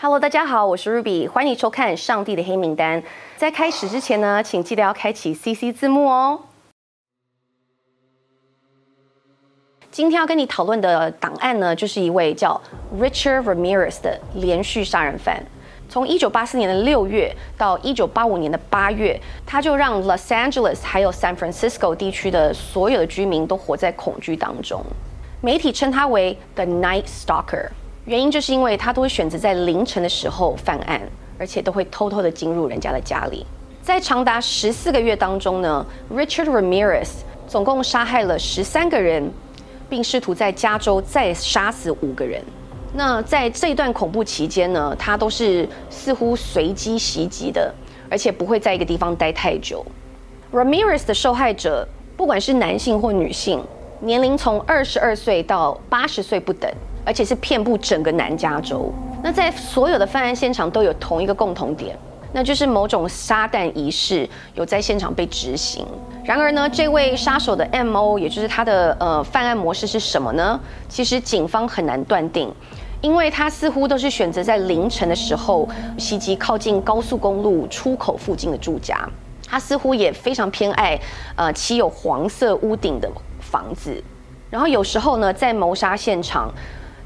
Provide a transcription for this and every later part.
Hello，大家好，我是 Ruby，歡迎收看《上帝的黑名單》。在開始之前呢，請記得要開啟 CC 字幕哦。今天要跟你討論的檔案呢，就是一位叫 Richard Ramirez 的連續殺人犯。從1984年的6月到1985年的8月，他就讓 Los Angeles 還有 San Francisco 地區的所有的居民都活在恐懼當中。媒體稱他為 The Night Stalker。原因就是因為他都會選擇在凌晨的時候犯案，而且都會偷偷的進入人家的家裡。在長達十四個月當中呢，Richard Ramirez 總共殺害了十三個人，並試圖在加州再殺死五個人。那在這一段恐怖期間呢，他都是似乎隨機襲擊的，而且不會在一個地方待太久。Ramirez 的受害者，不管是男性或女性，年齡從二十二歲到八十歲不等。而且是遍佈整個南加州。那在所有的犯案現場都有同一個共同點，那就是某種撒旦儀式有在現場被執行。然而呢，這位殺手的 M.O. 也就是他的呃犯案模式是什麼呢？其實警方很難斷定，因為他似乎都是選擇在凌晨的時候襲擊靠近高速公路出口附近的住家。他似乎也非常偏愛呃漆有黃色屋頂的房子。然後有時候呢，在謀殺現場。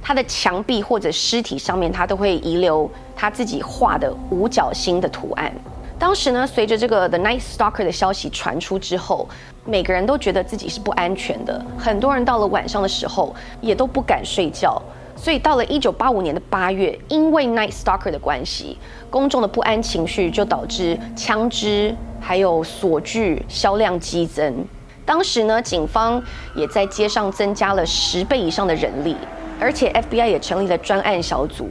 他的牆壁或者屍體上面，他都會遺留他自己畫的五角星的圖案。當時呢，隨着這個 The Night Stalker 的消息傳出之後，每個人都覺得自己是不安全的，很多人到了晚上的時候也都不敢睡覺。所以到了一九八五年的八月，因為 Night Stalker 的關係，公眾的不安情緒就導致槍支還有鎖具銷量激增。當時呢，警方也在街上增加了十倍以上的人力。而且 FBI 也成立了專案小組，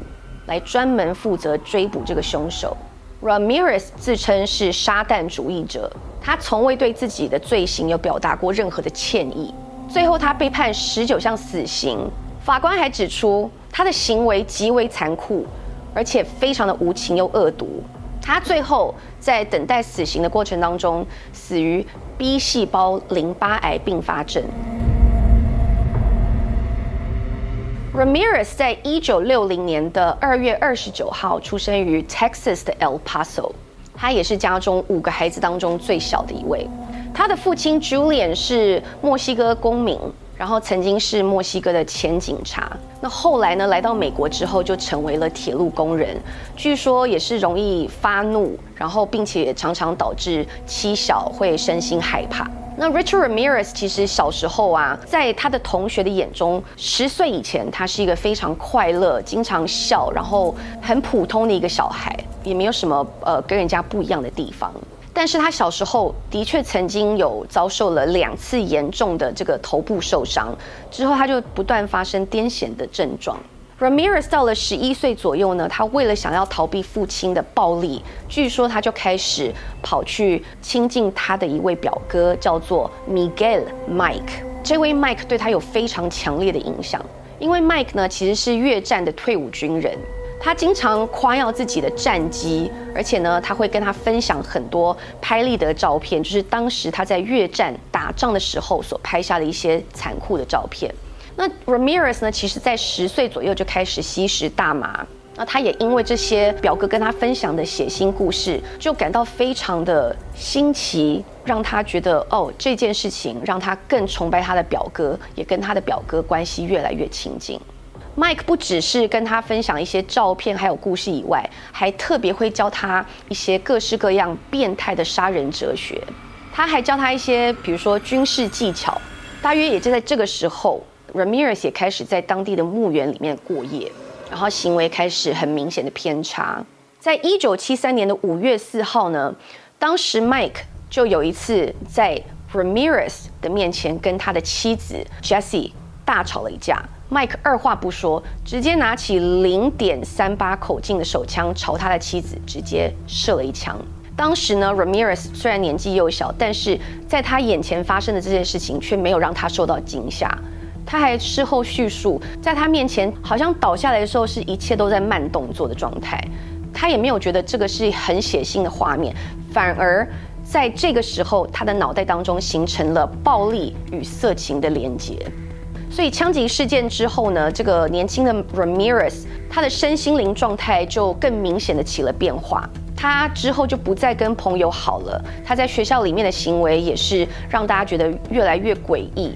來專門負責追捕這個凶手。Ramirez 自稱是撒旦主義者，他從未對自己的罪行有表達過任何的歉意。最後，他被判十九項死刑。法官還指出，他的行為極為殘酷，而且非常的無情又惡毒。他最後在等待死刑的過程當中，死於 B 細胞淋巴癌併發症。Ramirez 在一九六零年的二月二十九號出生於 Texas 的 El Paso，他也是家中五個孩子當中最小的一位。他的父親 Julian 是墨西哥公民，然後曾經是墨西哥的前警察。那後來呢，來到美國之後就成為了鐵路工人，據說也是容易發怒，然後並且也常常導致妻小會身心害怕。那 Richard Ramirez 其實小時候啊，在他的同學的眼中，十歲以前他是一個非常快樂、經常笑、然後很普通的一個小孩，也沒有什麼呃跟人家不一樣的地方。但是他小時候的確曾經有遭受了兩次嚴重的這個頭部受傷，之後他就不斷發生癲癇的症狀。Ramirez 到了十一歲左右呢，他為了想要逃避父親的暴力，據說他就開始跑去親近他的一位表哥，叫做 Miguel Mike。這位 Mike 對他有非常強烈的影響，因為 Mike 呢其實是越戰的退伍軍人，他經常誇耀自己的戰績，而且呢他會跟他分享很多拍立得照片，就是當時他在越戰打仗的時候所拍下的一些殘酷的照片。那 Ramirez 呢？其實，在十歲左右就開始吸食大麻。那他也因為這些表哥跟他分享的血腥故事，就感到非常的新奇，讓他覺得哦，這件事情讓他更崇拜他的表哥，也跟他的表哥關係越來越親近。Mike 不只是跟他分享一些照片，還有故事以外，還特別會教他一些各式各樣變態的殺人哲學。他還教他一些，比如說軍事技巧。大約也就在這個時候。Ramirez 也開始在當地的墓園裡面過夜，然後行為開始很明顯的偏差。在一九七三年的五月四號呢，當時 Mike 就有一次在 Ramirez 的面前跟他的妻子 Jessie 大吵了一架。Mike 二話不說，直接拿起零點三八口徑的手槍朝他的妻子直接射了一槍。當時呢，Ramirez 雖然年紀幼小，但是在他眼前發生的這件事情卻沒有讓他受到驚嚇。他還事後敘述，在他面前好像倒下來的時候，是一切都在慢動作的狀態。他也沒有覺得這個是很血腥的畫面，反而在這個時候，他的腦袋當中形成了暴力與色情的連結。所以槍擊事件之後呢，這個年輕的 Ramirez 他的身心靈狀態就更明顯的起了變化。他之後就不再跟朋友好了，他在學校裡面的行為也是讓大家覺得越來越詭異。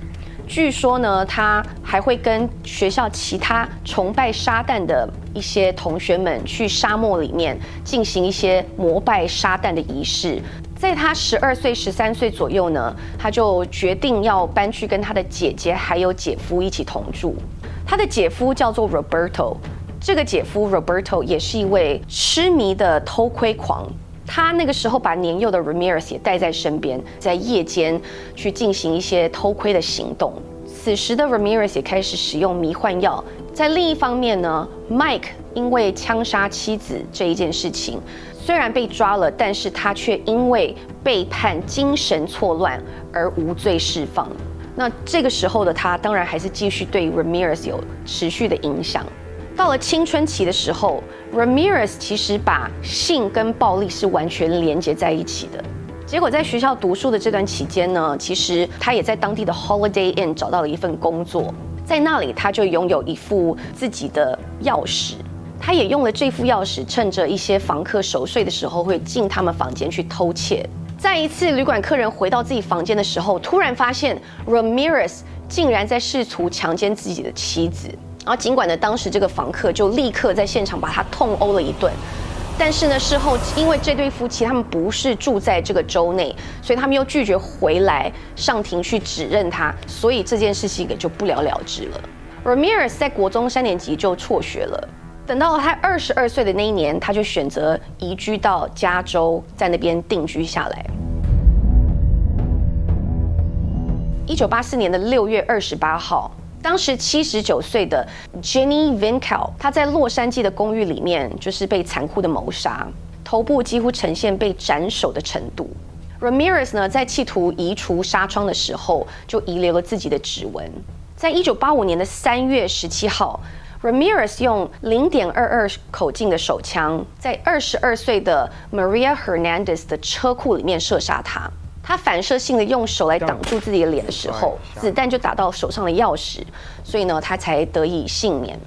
據說呢，他還會跟學校其他崇拜撒旦的一些同學們去沙漠裡面進行一些膜拜撒旦的儀式。在他十二歲、十三歲左右呢，他就決定要搬去跟他的姐姐還有姐夫一起同住。他的姐夫叫做 Roberto，這個姐夫 Roberto 也是一位癡迷的偷窺狂。他那個時候把年幼的 Ramirez 也帶在身邊，在夜間去進行一些偷窺的行動。此時的 Ramirez 也開始使用迷幻藥。在另一方面呢，Mike 因為槍殺妻子這一件事情，雖然被抓了，但是他卻因為背叛、精神錯亂而無罪釋放。那這個時候的他，當然還是繼續對 Ramirez 有持續的影響。到了青春期的時候，Ramirez 其實把性跟暴力是完全連接在一起的。結果在學校讀書的這段期間呢，其實他也在當地的 Holiday Inn 找到了一份工作，在那裡他就擁有一副自己的鑰匙，他也用了這副鑰匙，趁着一些房客熟睡的時候會進他們房間去偷竊。在一次旅館客人回到自己房間的時候，突然發現 Ramirez 竟然在試圖強姦自己的妻子。然後，儘管呢，當時這個房客就立刻在現場把他痛毆了一頓，但是呢，事後因為這對夫妻他們不是住在這個州內，所以他們又拒絕回來上庭去指認他，所以這件事情也就不了了之了。Ramirez 在國中三年級就輟學了，等到了他二十二歲的那一年，他就選擇移居到加州，在那邊定居下來。一九八四年的六月二十八號。當時七十九歲的 Jenny v i n a l e 她在洛杉磯的公寓裡面就是被殘酷的謀殺，頭部幾乎呈現被斬首的程度。Ramirez 呢，在企圖移除紗窗的時候就遺留了自己的指紋。在一九八五年的三月十七號，Ramirez 用零點二二口徑的手槍，在二十二歲的 Maria Hernandez 的車庫裡面射殺她。他反射性的用手來擋住自己的臉的時候，子彈就打到手上的鑰匙，所以呢，他才得以幸免。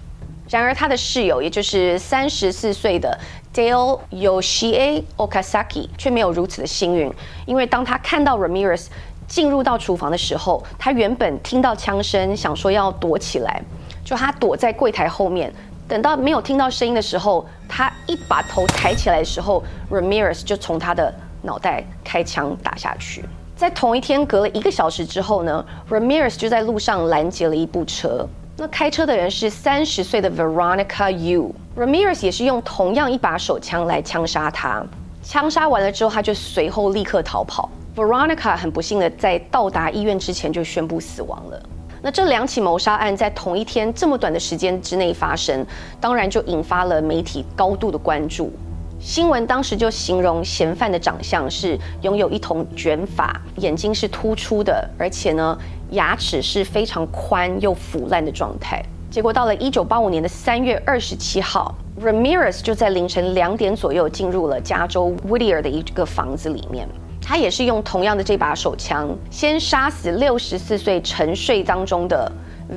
然而，他的室友，也就是三十四歲的 Dale Yoshie Okasaki 卻沒有如此的幸運，因為當他看到 Ramirez 進入到廚房的時候，他原本聽到槍聲，想說要躲起來，就他躲在櫃台後面，等到沒有聽到聲音的時候，他一把頭抬起來的時候，Ramirez 就從他的腦袋開槍打下去，在同一天隔了一個小時之後呢，Ramirez 就在路上攔截了一部車。那開車的人是三十歲的 Veronica Yu。Ramirez 也是用同樣一把手槍來槍殺他。槍殺完了之後，他就隨後立刻逃跑。Veronica 很不幸的在到達醫院之前就宣布死亡了。那這兩起謀殺案在同一天這麼短的時間之內發生，當然就引發了媒體高度的關注。新聞當時就形容嫌犯的長相是擁有一頭卷髮，眼睛是突出的，而且呢，牙齒是非常寬又腐爛的狀態。結果到了一九八五年的三月二十七號，Ramirez 就在凌晨兩點左右進入了加州 Whittier 的一個房子裡面，他也是用同樣的這把手槍，先殺死六十四歲沉睡當中的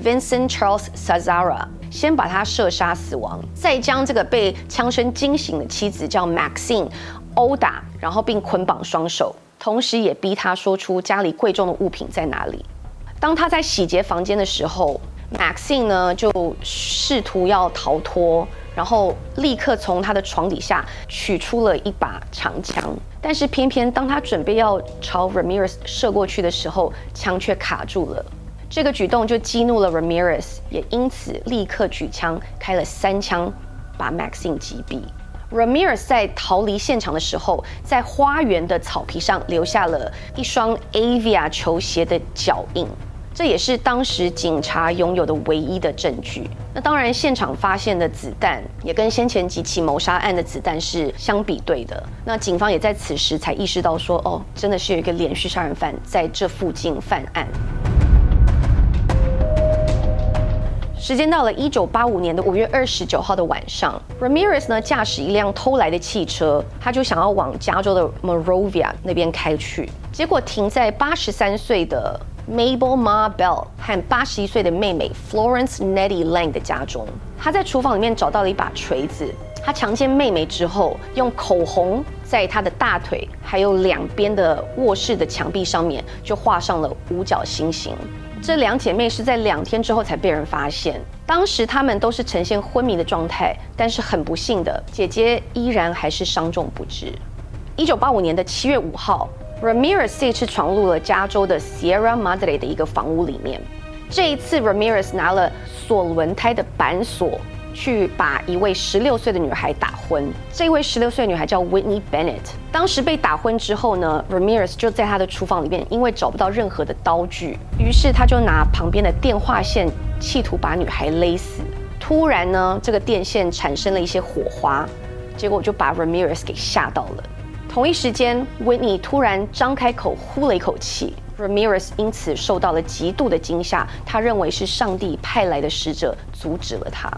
Vincent Charles Sazara。先把他射殺死亡，再將這個被槍聲驚醒的妻子叫 Maxine 毆打，然後並捆綁雙手，同時也逼他說出家裡貴重的物品在哪裡。當他在洗劫房間的時候，Maxine 呢就試圖要逃脫，然後立刻從他的床底下取出了一把長槍，但是偏偏當他準備要朝 Ramirez 射過去的時候，槍卻卡住了。這個舉動就激怒了 Ramirez，也因此立刻舉槍開了三槍，把 Maxine 擊斃。Ramirez 在逃離現場的時候，在花園的草皮上留下了一雙 Avia 球鞋的腳印，這也是當時警察擁有的唯一的證據。那當然，現場發現的子彈也跟先前幾起謀殺案的子彈是相比對的。那警方也在此時才意識到說，說哦，真的是有一個連續殺人犯在這附近犯案。時間到了一九八五年的五月二十九號的晚上，Ramirez 呢，駕駛一輛偷來的汽車，他就想要往加州的 Morovia 那邊開去，結果停在八十三歲的 Mabel Marbell 和八十一歲的妹妹 Florence Nettie Lang 的家中。他在廚房裡面找到了一把錘子，他強姦妹妹之後，用口紅在她的大腿還有兩邊的臥室的牆壁上面就畫上了五角星形。這兩姐妹是在兩天之後才被人發現，當時她們都是呈現昏迷的狀態，但是很不幸的，姐姐依然還是傷重不治。一九八五年的七月五號，Ramirez 是闖入了加州的 Sierra Madre 的一個房屋裡面，這一次 Ramirez 拿了鎖輪胎的板鎖。去把一位十六歲的女孩打昏。這位十六歲的女孩叫 Whitney Bennett。當時被打昏之後呢，Ramirez 就在他的廚房裡面，因為找不到任何的刀具，於是他就拿旁邊的電話線，企圖把女孩勒死。突然呢，這個電線產生了一些火花，結果就把 Ramirez 給嚇到了。同一時間，Whitney 突然張開口呼了一口氣，Ramirez 因此受到了極度的驚嚇，他認為是上帝派來的使者阻止了他。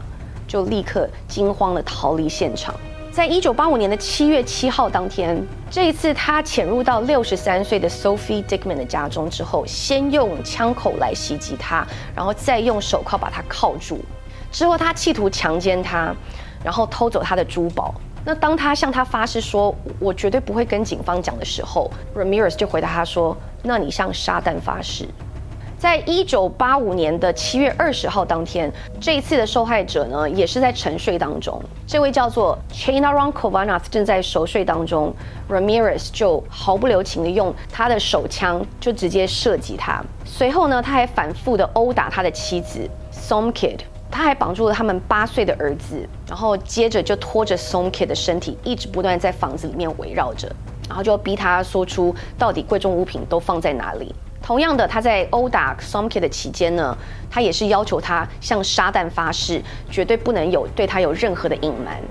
就立刻驚慌地逃離現場。在一九八五年的七月七號當天，這一次他潛入到六十三歲的 Sophie Dickman 的家中之後，先用槍口來襲擊他，然後再用手銬把他銬住。之後他企圖強姦他，然後偷走他的珠寶。那當他向他發誓說我絕對不會跟警方講的時候，Ramirez 就回答他說：“那你向撒旦發誓。”在一九八五年的七月二十號當天，這一次的受害者呢也是在沉睡當中。這位叫做 Chainarong Khovananth 正在熟睡當中，Ramirez 就毫不留情地用他的手槍就直接射擊他。隨後呢，他還反覆地毆打他的妻子 Somkid，他還綁住了他們八歲的兒子，然後接着就拖着 Somkid 的身體一直不斷在房子裡面圍繞着，然後就逼他說出到底貴重物品都放在哪裡。同樣的，他在毆打 Somkid 的期間呢，他也是要求他向撒旦發誓，絕對不能有對他有任何的隱瞞。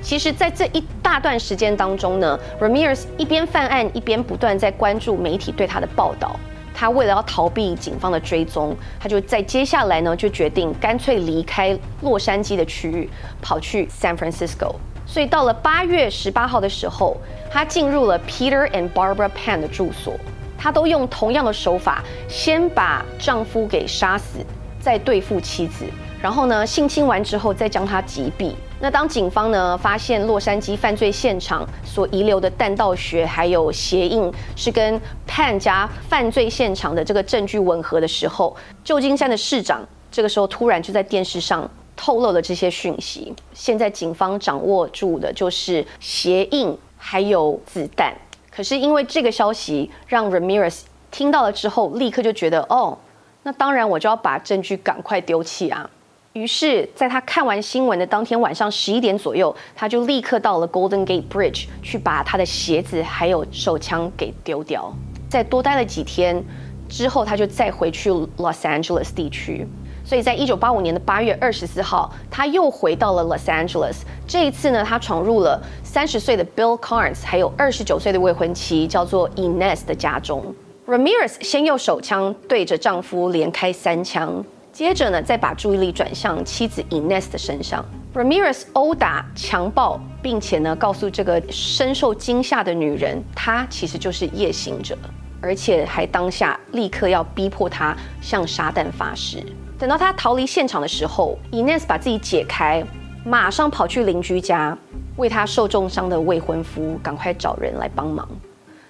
其實，在這一大段時間當中呢，Ramirez 一邊犯案，一邊不斷在關注媒體對他的報道。他為了要逃避警方的追蹤，他就在接下來呢，就決定乾脆離開洛杉磯的區域，跑去 San Francisco。所以到了八月十八號的時候，他進入了 Peter and Barbara Pan 的住所，他都用同樣的手法，先把丈夫給殺死，再對付妻子，然後呢，性侵完之後再將他擊斃。那當警方呢，發現洛杉磯犯罪現場所遺留的彈道學還有鞋印是跟 Pan 家犯罪現場的這個證據吻合的時候，舊金山的市長這個時候突然就在電視上。透露了這些訊息，現在警方掌握住的就是鞋印還有子彈。可是因為這個消息讓 Ramirez 聽到了之後，立刻就覺得，哦，那當然我就要把證據趕快丟棄啊。於是，在他看完新聞的當天晚上十一點左右，他就立刻到了 Golden Gate Bridge 去把他的鞋子還有手槍給丟掉。再多待了幾天之後，他就再回去 Los Angeles 地區。所以在一九八五年的八月二十四號，他又回到了 Los Angeles。這一次呢，他闖入了三十歲的 Bill Carnes 還有二十九歲的未婚妻叫做 Ines 的家中。Ramirez 先用手槍對着丈夫連開三槍，接着呢，再把注意力轉向妻子 Ines 的身上。Ramirez 毆打、強暴，並且呢，告訴這個深受驚嚇的女人，她其實就是夜行者，而且還當下立刻要逼迫她向撒旦發誓。等到他逃離現場的時候，Ines 把自己解開，馬上跑去鄰居家，為他受重傷的未婚夫趕快找人來幫忙。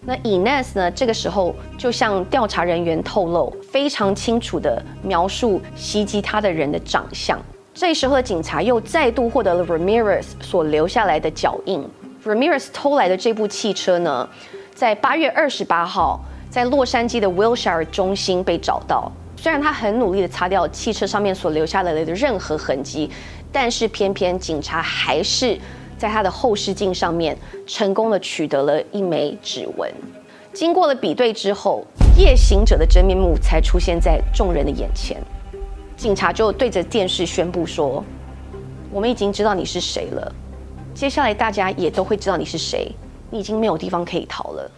那 Ines 呢？這個時候就向調查人員透露，非常清楚地描述襲擊他的人的長相。這時候的警察，又再度獲得了 Ramirez 所留下來的腳印。Ramirez 偷來的這部汽車呢，在八月二十八號，在洛杉磯的 Wilshire 中心被找到。雖然他很努力的擦掉汽車上面所留下來的任何痕跡，但是偏偏警察還是在他的後視鏡上面成功的取得了一枚指紋。經過了比對之後，夜行者的真面目才出現在眾人的眼前。警察就對着電視宣布說：“我們已經知道你是誰了，接下來大家也都會知道你是誰，你已經沒有地方可以逃了。”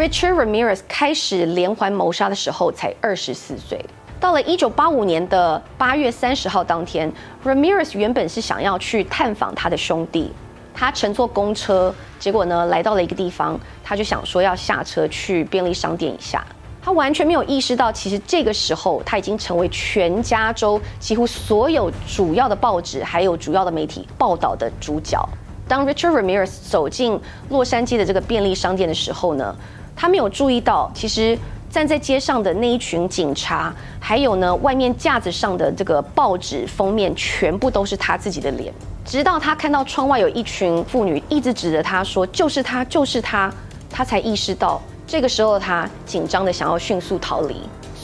Richard Ramirez 開始連環謀殺的時候才二十四歲。到了一九八五年的八月三十號當天，Ramirez 原本是想要去探訪他的兄弟，他乘坐公車，結果呢來到了一個地方，他就想說要下車去便利商店一下。他完全沒有意識到，其實這個時候他已經成為全加州幾乎所有主要的報紙還有主要的媒體報道的主角。當 Richard Ramirez 走進洛杉磯的這個便利商店的時候呢？他沒有注意到，其實站在街上的那一群警察，還有呢，外面架子上的這個報紙封面全部都是他自己的臉。直到他看到窗外有一群婦女一直指着他說：“就是他，就是他。”他才意識到，這個時候他緊張地想要迅速逃離。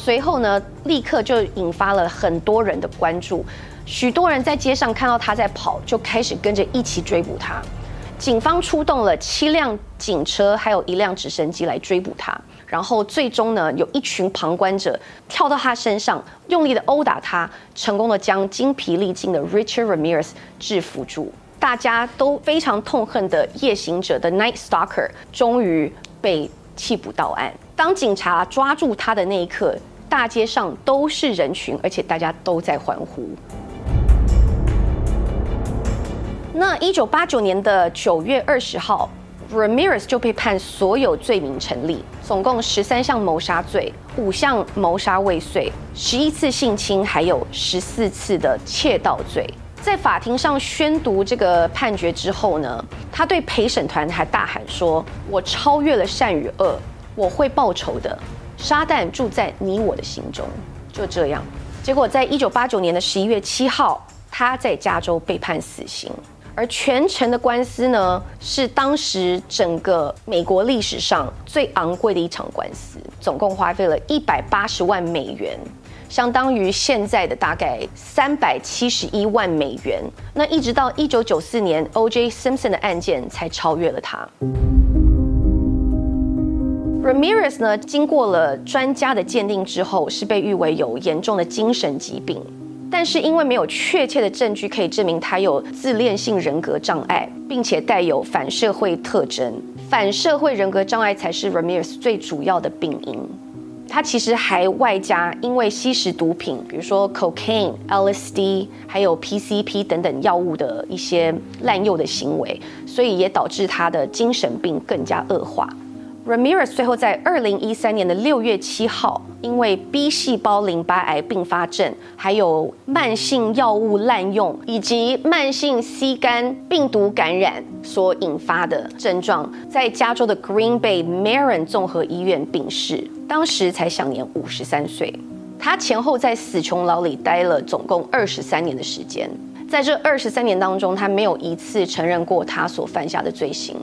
隨後呢，立刻就引發了很多人的關注，許多人在街上看到他在跑，就開始跟着一起追捕他。警方出動了七輛警車，還有一輛直升機來追捕他。然後最終呢，有一群旁觀者跳到他身上，用力地毆打他，成功地將精疲力盡的 Richard Ramirez 制服住。大家都非常痛恨的夜行者的 Night Stalker 終於被緝捕到案。當警察抓住他的那一刻，大街上都是人群，而且大家都在歡呼。那一九八九年的九月二十號，Ramirez 就被判所有罪名成立，總共十三項謀殺罪、五項謀殺未遂、十一次性侵，還有十四次的竊盜罪。在法庭上宣讀這個判決之後呢，他對陪審團還大喊說：“我超越了善與惡，我會報仇的。撒旦住在你我的心中。”就這樣，結果在一九八九年的十一月七號，他在加州被判死刑。而全程的官司呢，是當時整個美國歷史上最昂貴的一場官司，總共花費了一百八十萬美元，相當於現在的大概三百七十一萬美元。那一直到一九九四年 O.J. Simpson 的案件才超越了他。Ramirez 呢，經過了專家的鑑定之後，是被譽為有嚴重的精神疾病。但是因為沒有確切的證據可以證明他有自戀性人格障礙，並且帶有反社會特徵，反社會人格障礙才是 Ramirez 最主要的病因。他其實還外加因為吸食毒品，比如說 cocaine、LSD，還有 PCP 等等藥物的一些濫用的行為，所以也導致他的精神病更加惡化。Ramirez 最後在二零一三年的六月七號，因為 B 細胞淋巴癌併發症，還有慢性藥物濫用以及慢性 C 肝病毒感染所引發的症狀，在加州的 Green Bay Marin 綜合醫院病逝，當時才享年五十三歲。他前後在死囚牢裡待了總共二十三年的時間，在這二十三年當中，他沒有一次承認過他所犯下的罪行。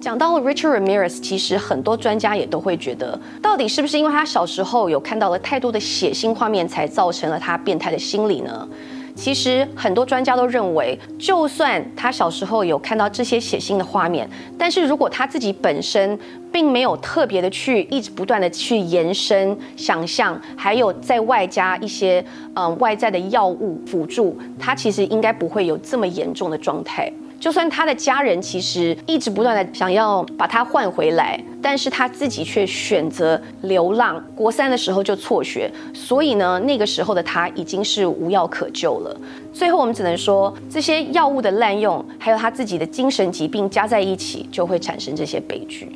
講到了 Richard Ramirez，其實很多專家也都會覺得，到底是不是因為他小時候有看到了太多的血腥畫面，才造成了他變態的心理呢？其實很多專家都認為，就算他小時候有看到這些血腥的畫面，但是如果他自己本身並沒有特別的去一直不斷的去延伸想象，還有再外加一些嗯、呃、外在的藥物輔助，他其實應該不會有這麼嚴重的狀態。就算他的家人其實一直不斷的想要把他換回來，但是他自己卻選擇流浪。國三的時候就輟學，所以呢，那個時候的他已經是無藥可救了。最後我們只能說，這些藥物的濫用，還有他自己的精神疾病加在一起，就會產生這些悲劇。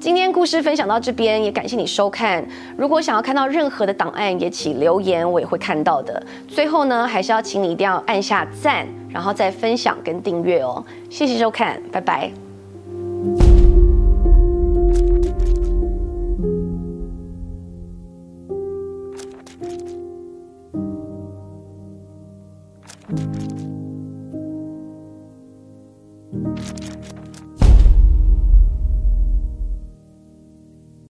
今天故事分享到這邊，也感謝你收看。如果想要看到任何的檔案，也請留言，我也會看到的。最後呢，還是要請你一定要按下讚。然後再分享跟訂閱哦，謝謝收看，拜拜。